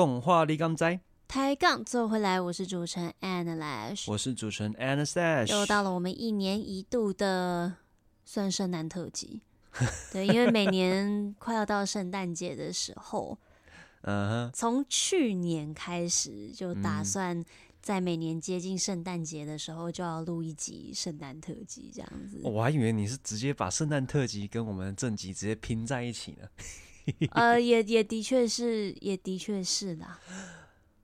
動畫立剛在抬槓，最後回來，我是主持人 AniLash 我是主持人 AniLash，又到了我們一年一度的算聖誕特輯， 對，因為每年快要到聖誕節的時候，嗯，從去年開始就打算在每年接近聖誕節的時候就要錄一集聖誕特輯，這樣子。我還以為你是直接把聖誕特輯跟我們的正集直接拼在一起呢。 呃，也也的確是，也的確是的。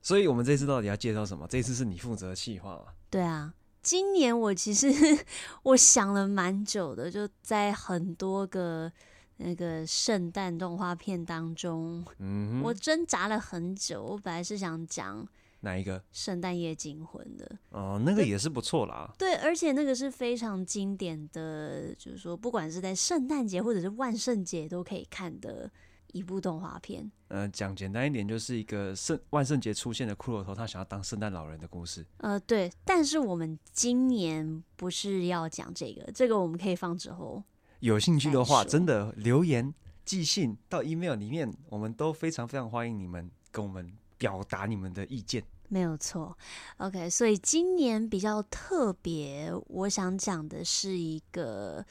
所以，我們這次到底要介紹什麼？這次是你負責的企劃嗎？對啊，今年我其實我想了蠻久的，就在很多個那個聖誕動畫片當中，嗯、哼我掙扎了很久。我本來是想講哪一個？聖誕夜驚魂的哦，那個也是不錯啦。對，而且那個是非常經典的，就是說，不管是在聖誕節或者是萬聖節都可以看的。一部動畫片，呃，講簡單一點，就是一個聖萬聖節出現的骷髏頭，他想要當聖誕老人的故事。呃，對，但是我們今年不是要講這個，這個我們可以放之後。有興趣的話，真的留言、寄信到 email 裡面，我們都非常非常歡迎你們跟我們表達你們的意見。沒有錯，OK，所以今年比較特別，我想講的是一個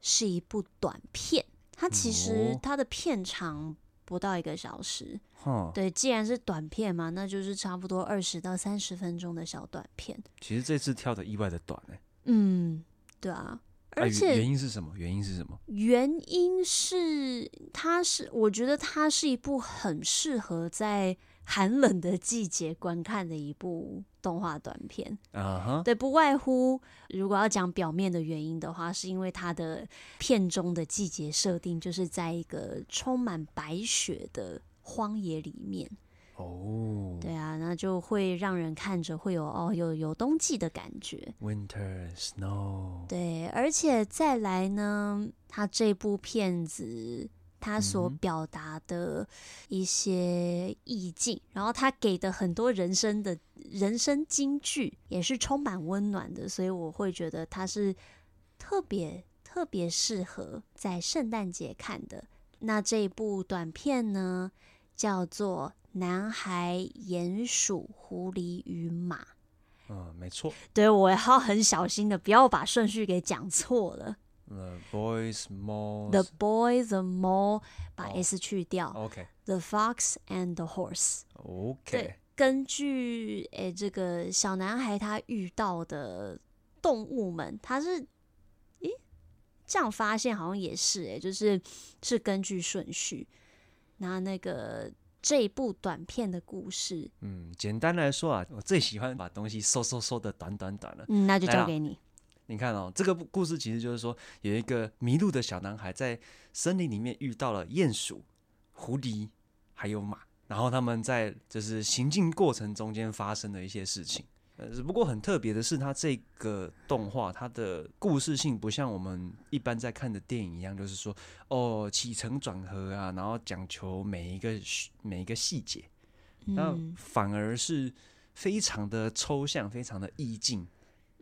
是一部短片。它其實它的片長不到一個小時，哦、對，既然是短片嘛，那就是差不多二十到三十分鐘的小短片。其實這次跳的意外的短、欸、嗯，對啊，而且、哎、原因是什麼？原因是什麼？原因是它是，我覺得它是一部很適合在寒冷的季節觀看的一部。動畫短片、uh huh. 對，不外乎如果要講表面的原因的話，是因為他的片中的季節設定，就是在一個充滿白雪的荒野裡面哦，oh. 對啊，那就會讓人看着會有哦有有冬季的感覺，winter snow。對，而且再來呢，他這部片子。他所表達的一些意境，嗯、然後他給的很多人生的人生金句也是充滿溫暖的，所以我會覺得他是特別特別適合在聖誕節看的。那這一部短片呢，叫做《男孩、鼴鼠、狐狸與馬》。嗯，沒錯。對，我要很小心的，不要把順序給講錯了。The boys mole The boy the mole 把 s 去掉。Oh, OK。The fox and the horse. OK。對，根據誒這個小男孩他遇到的動物們，他是，咦，這樣發現好像也是誒，就是是根據順序。那那個這一部短片的故事，嗯，簡單來說啊，我最喜歡把東西縮縮縮的短短短的，嗯，那就交給你。你看哦，這個故事其實就是說，有一個迷路的小男孩在森林裡面遇到了鼴鼠、狐狸，還有馬，然後他們在就是行進過程中間發生的一些事情。呃，只不過很特別的是，它這個動畫它的故事性不像我們一般在看的電影一樣，就是說哦起承轉合啊，然後講求每一個每一個細節，然後反而是非常的抽象，非常的意境。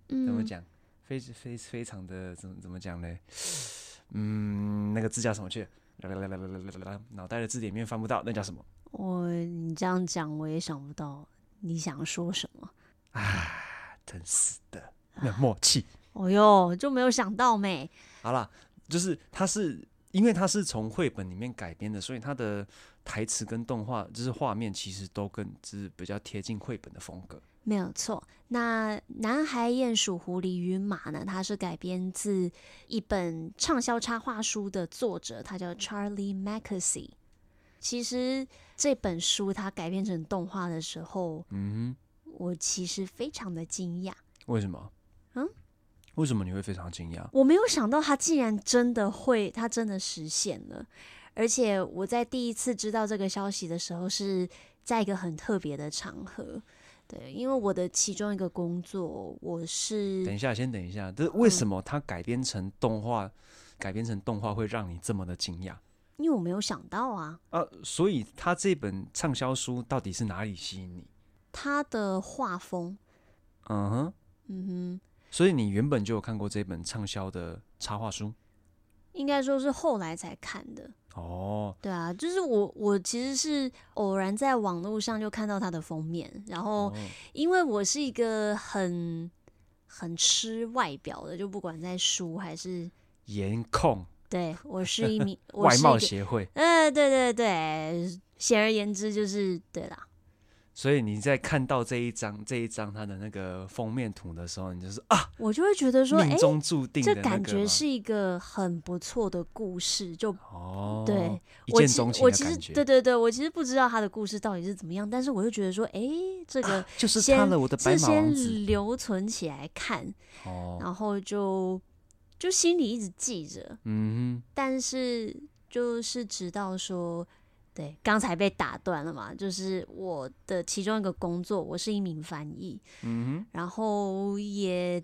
嗯，怎麼講？非非非常的，怎麼怎麼講呢？嗯，那個字叫什麼去？啦啦啦啦啦啦！腦袋的字典裡面翻不到，那叫什麼？我，你這樣講，我也想不到你想說什麼。啊，真是的，沒有默契。哦喲、啊，就沒有想到沒。好啦，就是它是因為它是從繪本裡面改編的，所以它的台詞跟動畫就是畫面，其實都更就是比較貼近繪本的風格。沒有錯，那《男孩、鼴鼠、狐狸與馬》呢？它是改編自一本暢銷插畫書的作者，他叫 Charlie Mackesy。其實這本書他改編成動畫的時候，嗯哼，我其實非常的驚訝。為什麼？嗯，為什麼你會非常驚訝？我沒有想到他竟然真的會，他真的實現了。而且我在第一次知道這個消息的時候，是在一個很特別的場合。對，因為我的其中一個工作，我是等一下，先等一下，這為什麼他改編成動畫，嗯、改編成動畫會讓你這麼的驚訝？因為我沒有想到啊啊！所以他這本暢銷書到底是哪裡吸引你？他的畫風，嗯哼，嗯哼。所以你原本就有看過這本暢銷的插畫書？應該說是後來才看的。哦，對啊，就是我，我其實是偶然在網絡上就看到它的封面，然後因為我是一個很很吃外表的，就不管在書還是顏控，對，我是一名 外貌協會，嗯、呃，對對對，簡而言之就是對啦。所以你在看到這一張這一張他的那個封面圖的時候，你就是啊，我就會覺得說命中注定、欸，這感覺是一個很不錯的故事，就、哦、對。一見鍾情的感覺。我其實，我其實對對對，我其實不知道他的故事到底是怎麼樣，但是我就覺得說，哎、欸，這個、啊、就是他了，我的白馬王子，先留存起來看，哦、然後就就心裡一直記着，嗯哼，但是就是直到說。對，剛才被打斷了嘛，就是我的其中一個工作，我是一名翻譯，嗯哼，然後也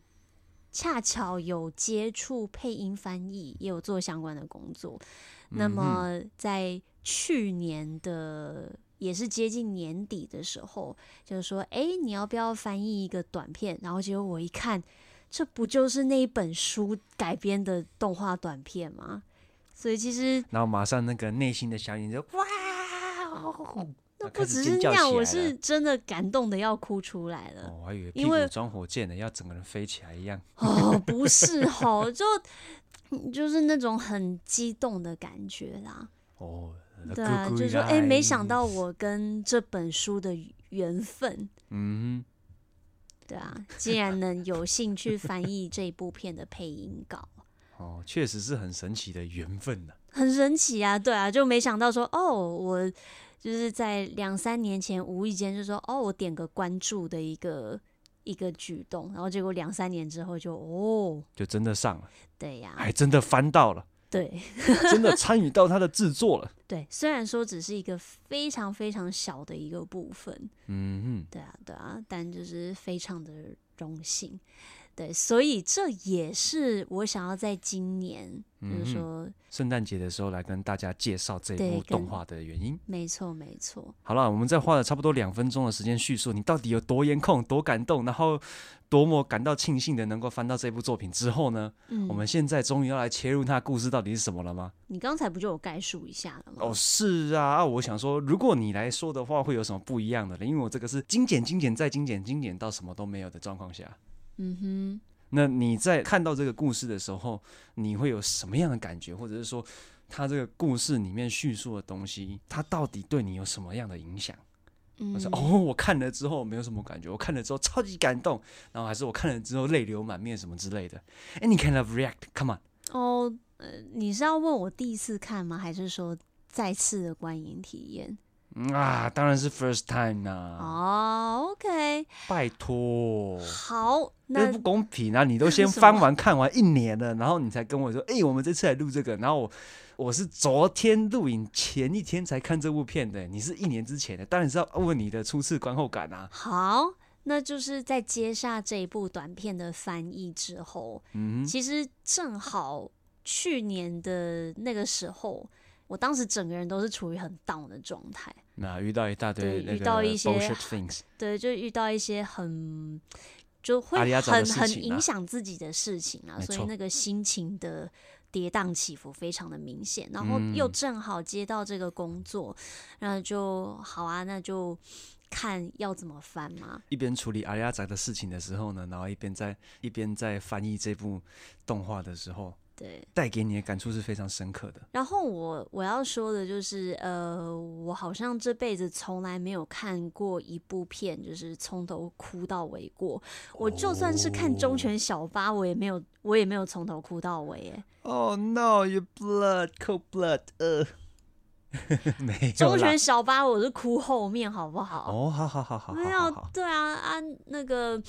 恰巧有接觸配音翻譯，也有做相關的工作。嗯、哼那麼在去年的也是接近年底的時候，就是說，哎，你要不要翻譯一個短片？然後結果我一看，這不就是那一本書改編的動畫短片嗎？所以其實，然後馬上那個內心的想法就哇。哦、那不只是那樣，我是真的感動的要哭出來了。哦、我還以為因為裝火箭的要整個人飛起來一樣。 哦，不是哦，就就是那種很激動的感覺啦。哦，對啊，哭哭哭就說、是、哎、欸，沒想到我跟這本書的緣分。嗯哼，對啊，竟然能有幸去翻譯這部片的配音稿。哦，確實是很神奇的緣分呢、啊。很神奇啊，對啊，就沒想到說哦，我。就是在兩三年前無意間就說哦，我點個關注的一個一個舉動，然後結果兩三年之後就哦，就真的上了。對呀、啊，還真的翻到了。對， 真的參與到他的制作了。對，雖然說只是一個非常非常小的一個部分。嗯哼，對啊，對啊，但就是非常的榮幸。對，所以這也是我想要在今年，比如、嗯、哼說聖誕節的時候來跟大家介紹這一部動畫的原因。沒錯，沒錯。好了，我們在花了差不多兩分鐘的時間敘述你到底有多顏控、多感動，然後多麼感到慶幸的能夠翻到這部作品之後呢，嗯、我們現在終於要來切入它的故事到底是什麼了嗎？你剛才不就有概述一下了嗎？哦，是啊。我想說，如果你來說的話，會有什麼不一樣的呢？因為我這個是精簡、精簡再精簡、精簡到什麼都沒有的狀況下。嗯哼，mm hmm. 那你在看到這個故事的時候，你會有什麼樣的感覺？或者是說，他這個故事裡面敘述的東西，他到底對你有什麼樣的影響？我、mm hmm. 說哦，我看了之後沒有什麼感覺，我看了之後超級感動，然後還是我看了之後淚流滿面什麼之類的。Any kind of react，come on。哦，呃，你是要問我第一次看嗎？還是說再次的觀影體驗？嗯、啊，當然是 first time 啊。哦、oh，OK。拜托。好。那不公平啊！你都先翻完、看完一年了， 然後你才跟我說：“哎、欸，我們這次來錄這個。”然後我我是昨天錄影前一天才看這部片的，你是一年之前的，當然是要問你的初次觀後感啊。好，那就是在接下這一部短片的翻譯之後，嗯哼，其實正好去年的那個時候，我當時整個人都是處於很 down 的狀態。那遇到一大堆，遇到一些，things 對，就遇到一些很。就會很很影響自己的事情啊、沒錯、很影響自己的事情啊，所以那個心情的跌宕起伏非常的明顯。然後又正好接到這個工作，嗯、那就好啊，那就看要怎麼翻嘛。一邊處理阿里亞仔的事情的時候呢，然後一邊在一邊在翻譯這部動畫的時候，對，帶給你的感觸是非常深刻的。然後我我要說的就是，呃，我好像這輩子從來沒有看過一部片，就是從頭哭到尾過。我就算是看《忠犬小八》哦，我也沒有，我也沒有從頭哭到尾耶。哎，Oh no! Your blood, cold blood. 呃， 沒有啦。《忠犬小八》，我是哭後面，好不好？哦，oh, 好好好好，沒有，對啊啊，那個，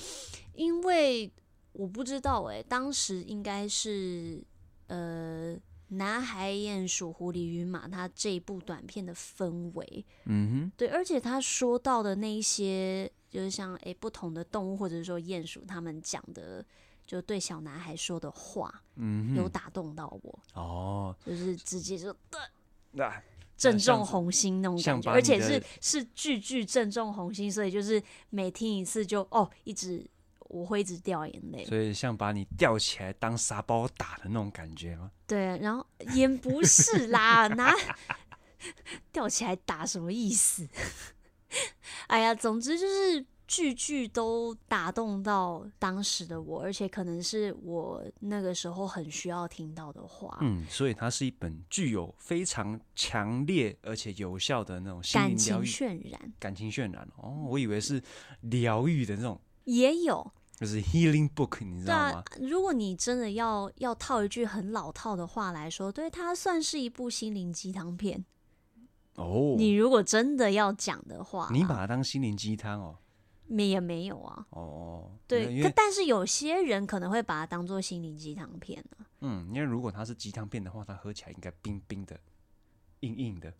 因為我不知道，哎，當時應該是。呃，男孩、鼴鼠、狐狸與馬，他這一部短片的氛圍，嗯哼，對，而且他說到的那一些，就是像誒、欸、不同的動物或者說鼴鼠他們講的，就對小男孩說的話，嗯哼，有打動到我，哦，就是直接就對，呃、那正中紅心那種感覺，像像而且是是句句正中紅心，所以就是每聽一次就哦，一直。我會一直掉眼淚，所以像把你吊起來當沙包打的那種感覺嗎？對啊，然後也不是啦，那 吊起來打什麼意思？哎呀，總之就是句句都打動到當時的我，而且可能是我那個時候很需要聽到的話。嗯，所以它是一本具有非常強烈而且有效的那種心感情渲染，感情渲染哦，我以為是療癒的那種，嗯、也有。就是 Healing Book，你知道嗎、啊？如果你真的要要套一句很老套的話來說，對，它算是一部心靈雞湯片。哦，你如果真的要講的話、啊，你把它當心靈雞湯哦，沒也沒有啊。哦，對，但是有些人可能會把它當做心靈雞湯片啊。嗯，因為如果它是雞湯片的話，它喝起來應該冰冰的、硬硬的。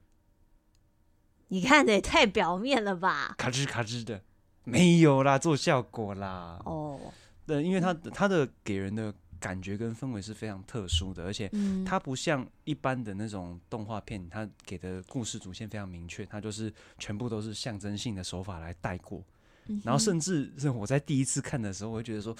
你看得也太表面了吧！咔吱咔吱的。沒有啦，做效果啦。哦，oh. 對，因為它它的給人的感覺跟氛圍是非常特殊的，而且它不像一般的那種動畫片，它給的故事主線非常明確，它就是全部都是象徵性的手法來帶過。Oh. 然後，甚至是我在第一次看的時候，我會覺得說，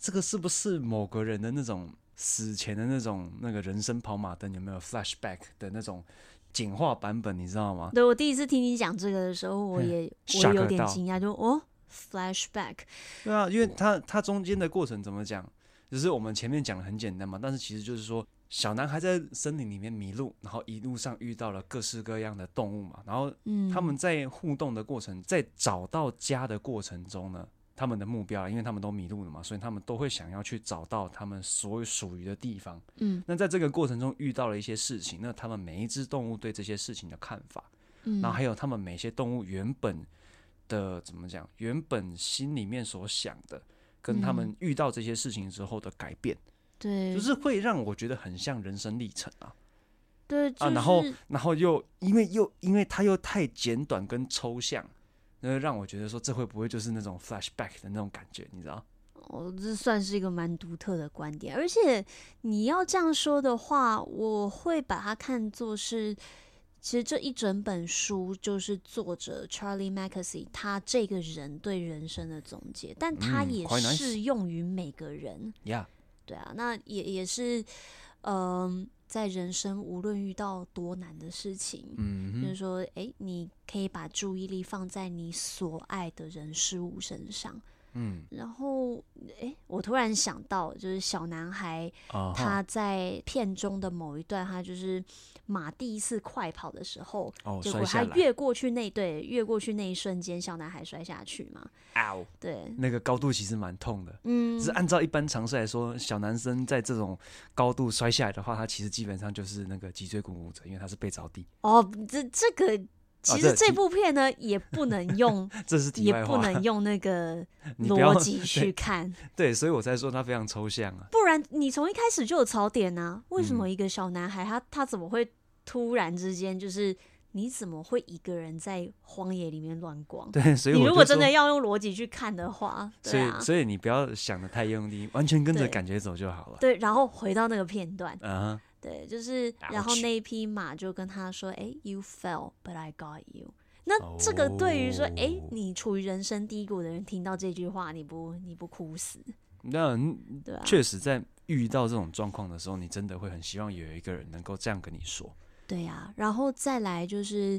這個是不是某個人的那種死前的那種那個人生跑馬燈？有沒有 flashback 的那種？簡化版本，你知道嗎？對，我第一次聽你講這個的時候，我也、嗯、我也有點驚訝，就哦，flashback。Flash 對啊，因為它它中間的過程怎麼講？嗯、就是我們前面講的很簡單嘛，但是其實就是說，小男孩在森林裡面迷路，然後一路上遇到了各式各樣的動物嘛，然後他們在互動的過程，在找到家的過程中呢。嗯他們的目標，因為他們都迷路了嘛，所以他們都會想要去找到他們所屬於的地方。嗯，那在這個過程中遇到了一些事情，那他們每一隻動物對這些事情的看法，嗯，然後還有他們每一些動物原本的怎麼講，原本心裡面所想的，跟他們遇到這些事情之後的改變，對、嗯，就是會讓我覺得很像人生歷程啊。對、就是、啊，然後然後又因為又因為它又太簡短跟抽象。那讓我覺得說，這會不會就是那種 flashback 的那種感覺？你知道？哦，這算是一個蠻獨特的觀點。而且你要這樣說的話，我會把它看作是，其實這一整本書就是作者 Charlie Mackesy 他這個人對人生的總結，但他也適用於每個人。嗯 nice. 對啊，那也也是，嗯、呃。在人生無論遇到多難的事情，嗯哼，就是說，誒，你可以把注意力放在你所愛的人事物身上，嗯，然後，誒，我突然想到，就是小男孩，Uh-huh. 他在片中的某一段，他就是。馬第一次快跑的時候，哦、結果他越過去那對，越過去那一瞬間，小男孩摔下去嘛。啊哦、對，那個高度其實蠻痛的。嗯，是按照一般常識來說，小男生在這種高度摔下來的話，他其實基本上就是那個脊椎骨骨折，因為他是背着地。哦，這這個其實這部片呢，啊、也不能用 這是也不能用那個邏輯去看對。對，所以我才說他非常抽象啊。不然你從一開始就有槽點啊？為什麼一個小男孩他他怎麼會？突然之間，就是你怎麼會一個人在荒野裡面亂逛？對，所以你如果真的要用邏輯去看的話，對啊，所以，所以你不要想得太用力，完全跟着感覺走就好了。對，然後回到那個片段，嗯、uh-huh. 對，就是然後那匹馬就跟他說：“哎、Ouch、欸，You fell, but I got you。”那這個對於說，哎、oh, 欸，你處於人生低谷的人，聽到這句話，你不你不哭死？那、啊、確實，在遇到這種狀況的時候，你真的會很希望有一個人能夠這樣跟你說。對呀、啊，然後再來就是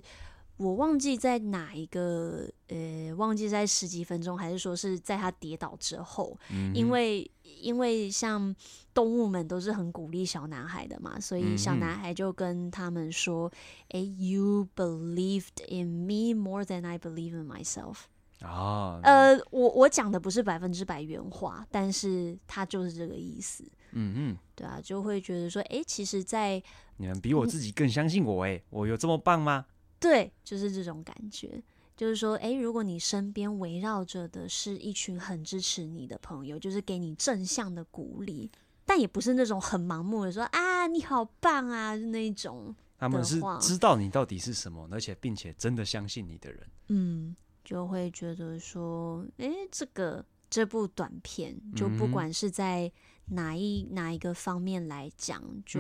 我忘記在哪一個，呃，忘記在十幾分鐘，還是說是在他跌倒之後？嗯、哼因為因為像動物們都是很鼓勵小男孩的嘛，所以小男孩就跟他們說：“哎、嗯、哼，You believed in me more than I believe in myself。”啊，哦、呃，我我講的不是百分之百原話，但是他就是這個意思。嗯嗯哼，對啊，就會覺得說，哎、欸，其實在，在你們比我自己更相信我，哎、嗯，我有這麼棒嗎？對，就是這種感覺，就是說，哎、欸，如果你身邊圍繞着的是一群很支持你的朋友，就是給你正向的鼓勵，但也不是那種很盲目的說，啊，你好棒啊，那種。他們是知道你到底是什麼，而且並且真的相信你的人。嗯。就會覺得說，誒、欸，這個這部短片，就不管是在哪一哪一個方面來講，就，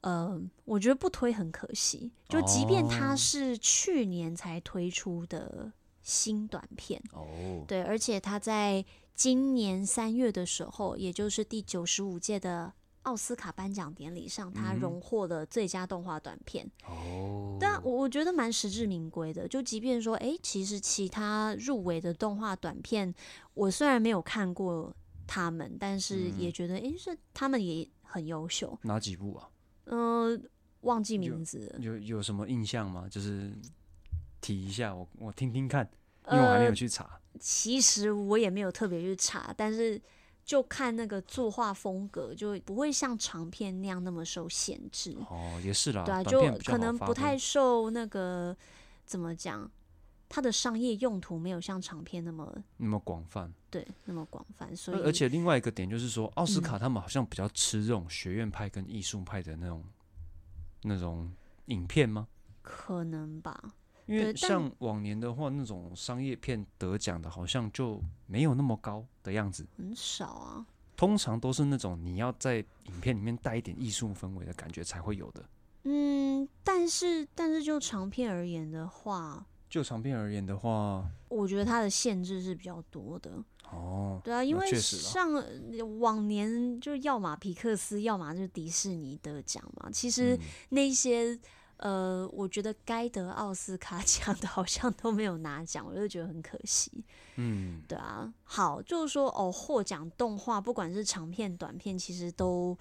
嗯、呃，我覺得不推很可惜。就即便它是去年才推出的新短片，哦、對，而且它在今年三月的時候，也就是第九十五屆的。奧斯卡頒獎典禮上，他榮獲的最佳動畫短片，嗯。哦、對啊，但我我覺得蠻實至名歸的。就即便說，誒、欸，其實其他入圍的動畫短片，我雖然沒有看過他們，但是也覺得，誒、欸，是他們也很優秀。哪幾部啊？嗯、呃，忘記名字。有，有有什麼印象嗎？就是提一下，我我聽聽看，因爲我還沒有去查。呃，其實我也沒有特別去查，但是。就看那個作畫風格，就不會像長片那樣那麼受限制。哦，也是啦，對啊，就可能不太受那個怎麼講，它的商業用途沒有像長片那麼那麼廣泛。對，那麼廣泛。所以，而且另外一個點就是說，奧斯卡他們好像比較吃這種學院派跟藝術派的那種那種影片嗎？嗯，可能吧。因為像往年的話，那種商業片得獎的，好像就沒有那麼高的樣子，很少啊。通常都是那種你要在影片裡面帶一點藝術氛圍的感覺才會有的。嗯，但是但是就長片而言的話，就長片而言的話，我覺得它的限制是比較多的。哦，對啊，因為像往年就要嘛皮克斯，要嘛就是迪士尼得獎嘛，其實那些、嗯。呃，我覺得該得奧斯卡獎的好像都沒有拿獎，我就覺得很可惜。嗯，對啊。好，就是說哦，獲獎動畫不管是長片、短片，其實都，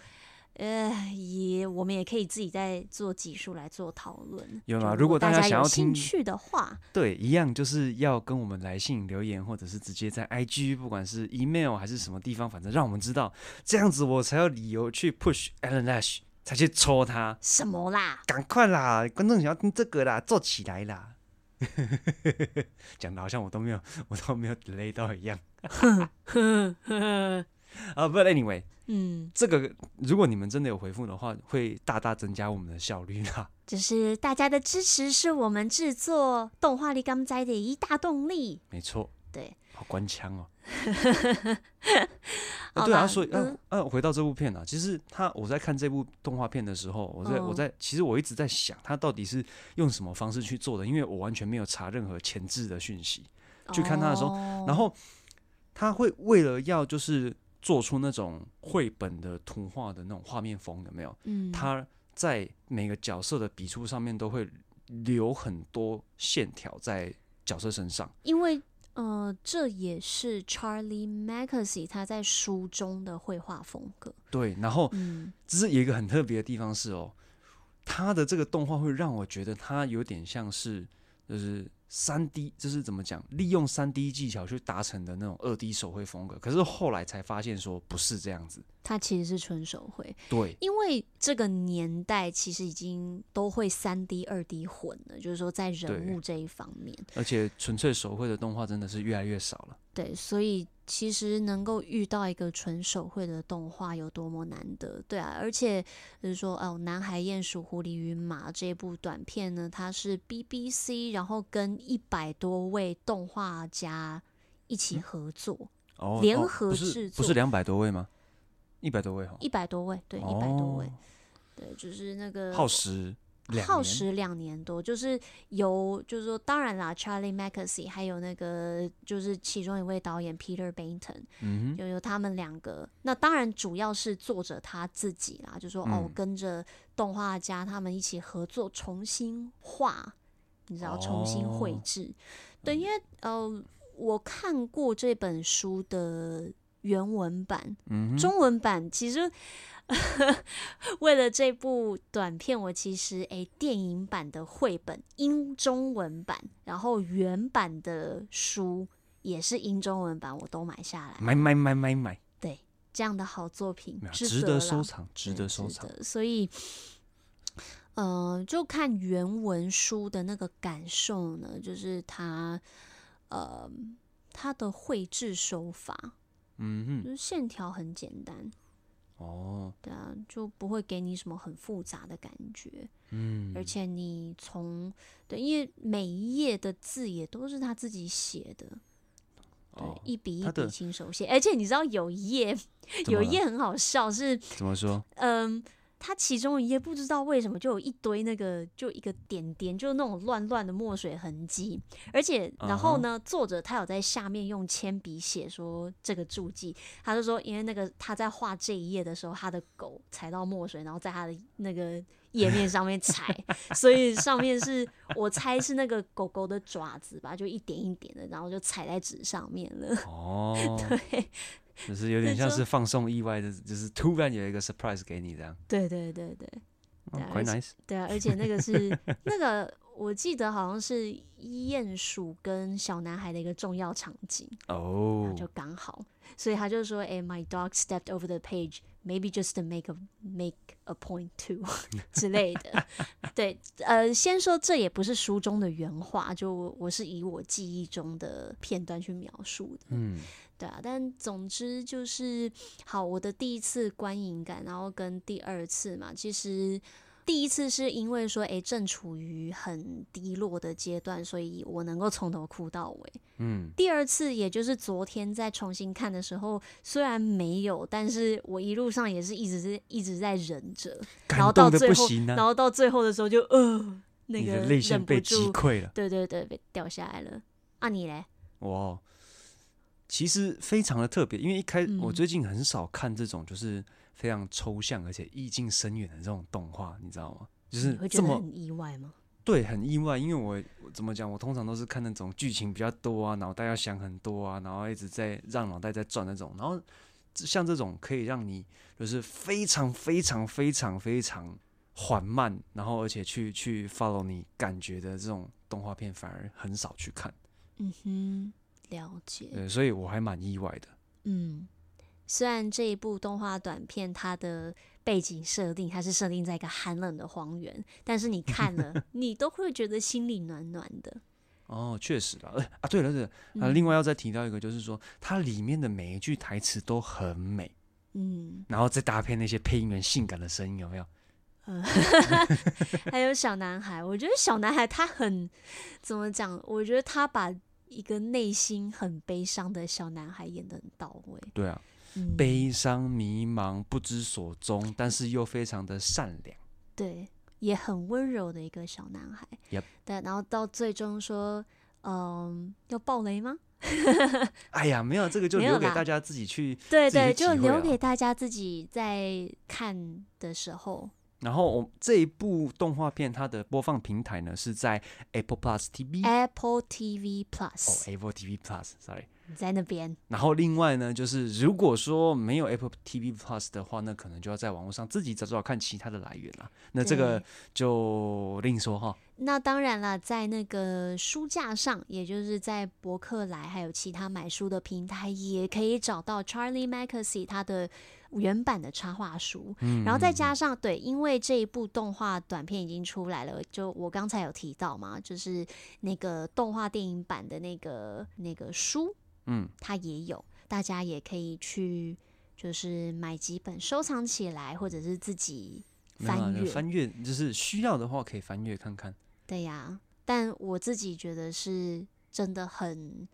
呃，也我們也可以自己再做集數來做討論。有啊啦，如果大家有興趣的話，對，一樣就是要跟我們來信留言，或者是直接在 IG，不管是 email 還是什麼地方，反正讓我們知道，這樣子我才有理由去 push AniLash。才去戳他什麼啦？趕快啦！觀眾想要聽這個啦，做起來啦！講 的好像我都沒有，我都沒有 delay 到一樣。啊，But anyway，嗯，這個如果你們真的有回復的話，會大大增加我們的效率啦。就是大家的支持是我們制作動畫力剛才的一大動力。沒錯。對，好官腔哦。 啊對啊，所以嗯嗯，回到這部片呢、啊，其實他我在看這部動畫片的時候，我在我在其實我一直在想，他到底是用什麼方式去做的，因為我完全沒有查任何前置的訊息去看他的時候，哦、然後他會為了要就是做出那種繪本的圖畫的那種畫面風，有沒有？嗯，他在每個角色的筆觸上面都會留很多線條在角色身上，因為。呃，這也是 Charlie Mackesy 他在書中的繪畫風格。對，然後，只、嗯、是有一個很特別的地方是哦，他的這個動畫會讓我覺得他有點像是，就是。三 D 就是怎麼講，利用三 D 技巧去達成的那種二 D 手繪風格。可是後來才發現說不是這樣子，它其實是純手繪。對，因為這個年代其實已經都會三 D、二 D 混了，就是說在人物這一方面，而且純粹手繪的動畫真的是越來越少了。對，所以。其實能夠遇到一個純手繪的動畫有多麼難得，對啊，而且就是說，哦，男孩、鼹鼠、狐狸與馬這部短片呢，它是 BBC，然後跟一百多位動畫家一起合作，嗯哦、聯合制作，哦哦、不是兩百多位嗎？一百多位、哦，一百多位，對，一百多位，哦、對，就是那個耗時。耗時兩年多，就是由就是說，當然啦，Charlie Mackesy 還有那個就是其中一位導演 Peter Baynton、嗯、哼就由他們兩個。那當然主要是作者他自己啦，就說、嗯、哦跟着動畫家他們一起合作重新畫，你知道重新繪製。哦、對，因為呃我看過這本書的原文版，嗯、哼中文版其實。 為了這部短片，我其實哎、欸，電影版的繪本英中文版，然後原版的書也是英中文版，我都買下來，買買買買買。對，這樣的好作品有值得值得收藏，值，值得收藏。所以，呃，就看原文書的那個感受呢，就是它呃它的繪製手法，嗯哼，就是線條很簡單。哦，對啊，就不會給你什麼很複雜的感覺，嗯，而且你從，對，因為每一頁的字也都是他自己寫的，哦、對，一筆一筆親手寫，他的而且你知道有一頁，有一頁很好笑是，怎麼說？嗯、呃。他其中一頁不知道為什麼就有一堆那個，就一個點點，就那種亂亂的墨水痕跡，而且然後呢，uh huh. 作者他有在下面用鉛筆寫說這個注記，他就說因為那個他在畫這一頁的時候，他的狗踩到墨水，然後在他的那個頁面上面踩， 所以上面是我猜是那個狗狗的爪子吧，就一點一點的，然後就踩在紙上面了。Oh. 對。就是有點像是放鬆意外的， 就，是說就是突然有一個 surprise 給你這樣。對對對對對，quite nice。對啊，而且那個是 那個。我記得好像是鼹鼠跟小男孩的一個重要場景哦，oh. 就剛好，所以他就說，哎、hey，My dog stepped over the page，maybe just to make a make a point too 之類的。 對，呃，先說這也不是書中的原話，就我是以我記憶中的片段去描述的。嗯，mm. 對啊，但總之就是好，我的第一次觀影感，然後跟第二次嘛，其實。第一次是因為說，哎、欸，正處於很低落的階段，所以我能夠從頭哭到尾。嗯，第二次也就是昨天在重新看的時候，雖然沒有，但是我一路上也是一直是一直在忍着，然後到最後，然後到最後的時候就，呃，那個淚腺被擊潰了，對對對，被掉下來了。啊，你嘞？我其實非常的特別，因為一開、嗯、我最近很少看這種，就是。非常抽象而且意境深遠的這種動畫，你知道嗎？就是這麼，你會覺得很意外嗎？對，很意外，因為我，我怎麼講？我通常都是看那種劇情比較多啊，腦袋要想很多啊，然後一直在讓腦袋在轉那種。然後像這種可以讓你就是非常非常非常非常緩慢，然後而且去去 follow 你感覺的這種動畫片，反而很少去看。嗯哼，了解。對，所以我還蠻意外的。嗯。雖然這一部動畫短片，它的背景設定，它是設定在一個寒冷的荒原，但是你看了 你都會覺得心裡暖暖的。哦，確實的。呃、欸、啊，對了對了，那、嗯啊、另外要再提到一個就是說，它裡面的每一句台詞都很美，嗯，然後再搭配那些配音員性感的聲音，有沒有？還有小男孩，我覺得小男孩他很怎麼講？我覺得他把一個內心很悲傷的小男孩演得很到位。對啊。悲傷、迷茫、不知所蹤，但是又非常的善良，對，也很溫柔的一個小男孩。Yep. 對，然後到最終說，嗯、呃，要爆雷嗎？ 哎呀，沒有，這個就留給大家自己去。對對，就留給大家自己在看的時候。然後我這一部動畫片，它的播放平台呢是在 Apple Plus TV，Apple TV Plus，哦，oh, Apple TV Plus，sorry，在那邊。然後另外呢，就是如果說沒有 Apple TV Plus 的話，那可能就要在網絡上自己找找看其他的來源了。那這個就另說哈。那當然了，在那個書架上，也就是在博客來還有其他買書的平台，也可以找到 Charlie Mackesy 他的。原版的插畫書，嗯、然後再加上對，因為這一部動畫短片已經出來了，就我剛才有提到嘛，就是那個動畫電影版的那個那個書，嗯，它也有，大家也可以去就是買幾本收藏起來，或者是自己翻閱、嗯啊、翻閱，就是需要的話可以翻閱看看。對呀、啊，但我自己覺得是真的很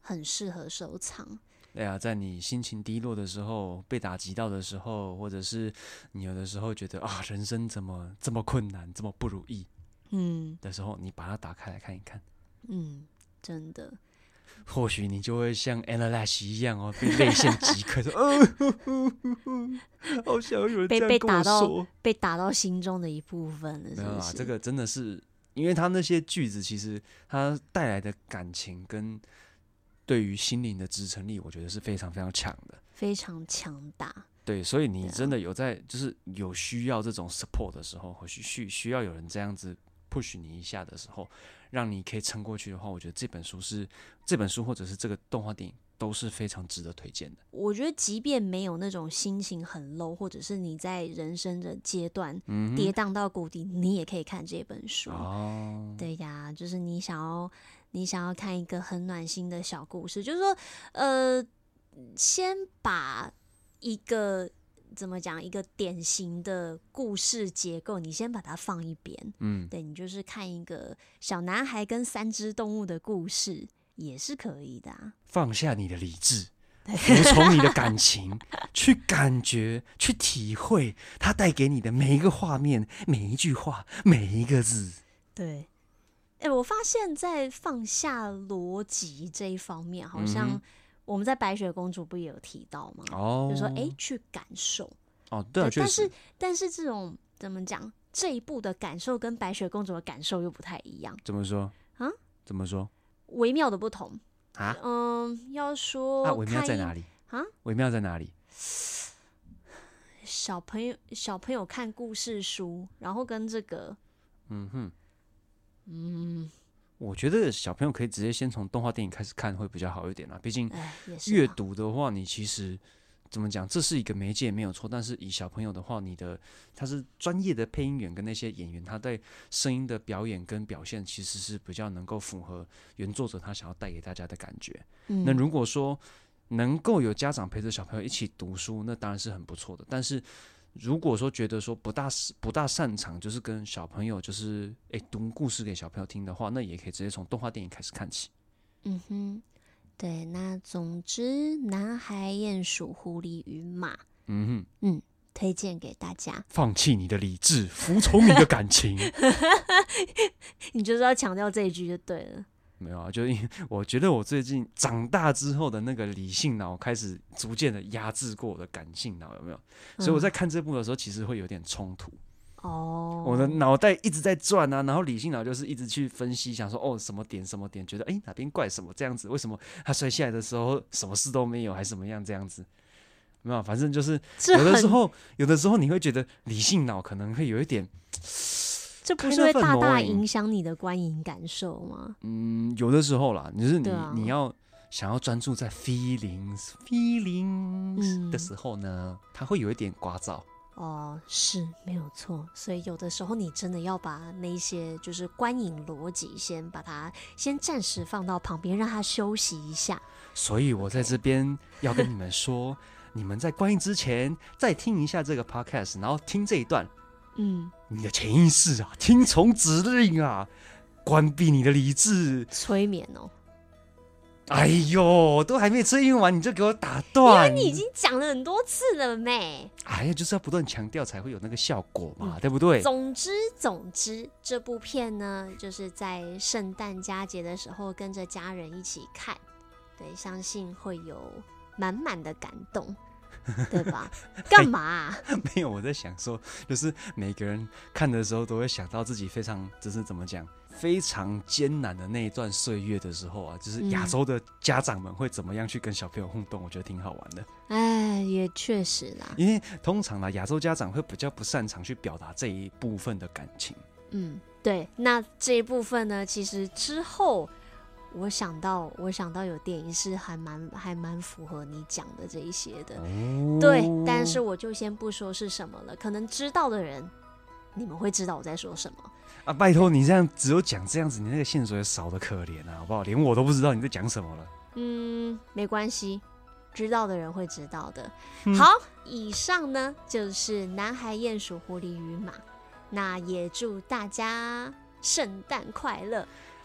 很適合收藏。哎呀，在你心情低落的時候，被打擊到的時候，或者是你有的時候覺得啊，人生怎麼這麼困難，這麼不如意，嗯，的時候，你把它打開來看一看，嗯，真的，或許你就會像 AniLash 一樣哦，被淚腺擊潰， 說，嗯、呃，好想有人被，被打到，被打到心中的一部分了，是不是？沒有啦。這個真的是，因為他那些句子其實他帶來的感情跟，對於心靈的支撐力，我覺得是非常非常強的，非常強大。對，所以你真的有在，啊、就是有需要這種 support 的時候，或許需需要有人這樣子 push 你一下的時候，讓你可以撐過去的話，我覺得這本書是這本書或者是這個動畫電影都是非常值得推薦的。我覺得，即便沒有那種心情很 low，或者是你在人生的階段跌宕到谷底，嗯、你也可以看這本書。哦，對呀、啊，就是你想要。你想要看一個很暖心的小故事，就是說，呃，先把一個怎麼講一個典型的故事結構，你先把它放一邊，嗯，對你就是看一個小男孩跟三只動物的故事也是可以的啊。放下你的理智，服從對你的感情， 去感覺，去體會它帶給你的每一個畫面、每一句話、每一個字。對。哎，我發現，在放下邏輯這一方面，好像我們在《白雪公主》不也有提到嗎？就、嗯、說哎，去感受。哦，對，但是確實，但是這種怎麼講？這一步的感受跟《白雪公主》的感受又不太一樣。怎麼說啊？怎麼說？啊、怎麼說微妙的不同啊？嗯，要說啊，微妙在哪裡啊？微妙在哪裡？小朋友，小朋友看故事書，然後跟這個，嗯哼。嗯， 我覺得小朋友可以直接先從動畫電影開始看會比較好一點啦。畢竟閱讀的話，你其實怎麼講，這是一個媒介也沒有錯。但是以小朋友的話，你的他是專業的配音員跟那些演員，他在聲音的表演跟表現其實是比較能夠符合原作者他想要帶給大家的感覺。嗯、那如果說能夠有家長陪着小朋友一起讀書，那當然是很不錯的。但是如果說覺得說不大不大擅長，就是跟小朋友就是哎、欸、讀故事給小朋友聽的話，那也可以直接從動畫電影開始看起。嗯哼，對。那總之，男孩、鼴鼠、狐狸與馬。嗯哼，嗯，推薦給大家。放棄你的理智，服從你的感情。 你就是要強調這一句就對了。沒有啊，就是因為我覺得我最近長大之後的那個理性腦開始逐漸的壓制過我的感性腦，有沒有？嗯，所以我在看這部的時候，其實會有點衝突。哦，我的腦袋一直在轉啊，然後理性腦就是一直去分析，想說哦，什麼點什麼點，覺得哎，欸，哪邊怪，什麼這樣子？為什麼他摔下來的時候什麼事都沒有，還怎麼樣這樣子？有沒有？反正就是有的時候，很有的時候你會覺得理性腦可能會有一點。這不是會大大影響你的觀影感受嗎？嗯，有的時候啦，你、就是你、啊、你要想要專注在 feelings feelings 的時候呢，嗯、它會有一點聒噪。哦，是沒有錯。所以有的時候你真的要把那些就是觀影邏輯先把它先暫時放到旁邊，讓它休息一下。所以我在這邊 Okay. 要跟你們說， 你們在觀影之前再聽一下這個 podcast，然後聽這一段。嗯，你的潛意識啊，聽從指令啊，關閉你的理智，催眠哦。哎呦，都還沒催眠完，你就給我打斷，因為你已經講了很多次了咩。哎呀，就是要不斷強調才會有那個效果嘛，嗯、對不對？總之總之，這部片呢，就是在聖誕佳節的時候跟着家人一起看，對，相信會有滿滿的感動。 對吧？幹嘛啊？欸，沒有，我在想說，就是每個人看的時候都會想到自己非常，就是怎麼講，非常艱難的那一段歲月的時候啊，就是亞洲的家長們會怎麼樣去跟小朋友互動，嗯、我覺得挺好玩的。哎，也確實啦，因為通常啊，亞洲家長會比較不擅長去表達這一部分的感情。嗯，對，那這一部分呢，其實之後。我想到，我想到有電影是還蠻還蠻符合你講的這一些的，哦、對，但是我就先不說是什麼了，可能知道的人，你們會知道我在說什麼。啊，拜託對你這樣，只有講這樣子，你那個線索也少得可憐啊，好不好？連我都不知道你在講什麼了。嗯，沒關係，知道的人會知道的。嗯、好，以上呢就是《男孩、鼴鼠、狐狸與馬》，那也祝大家聖誕快樂。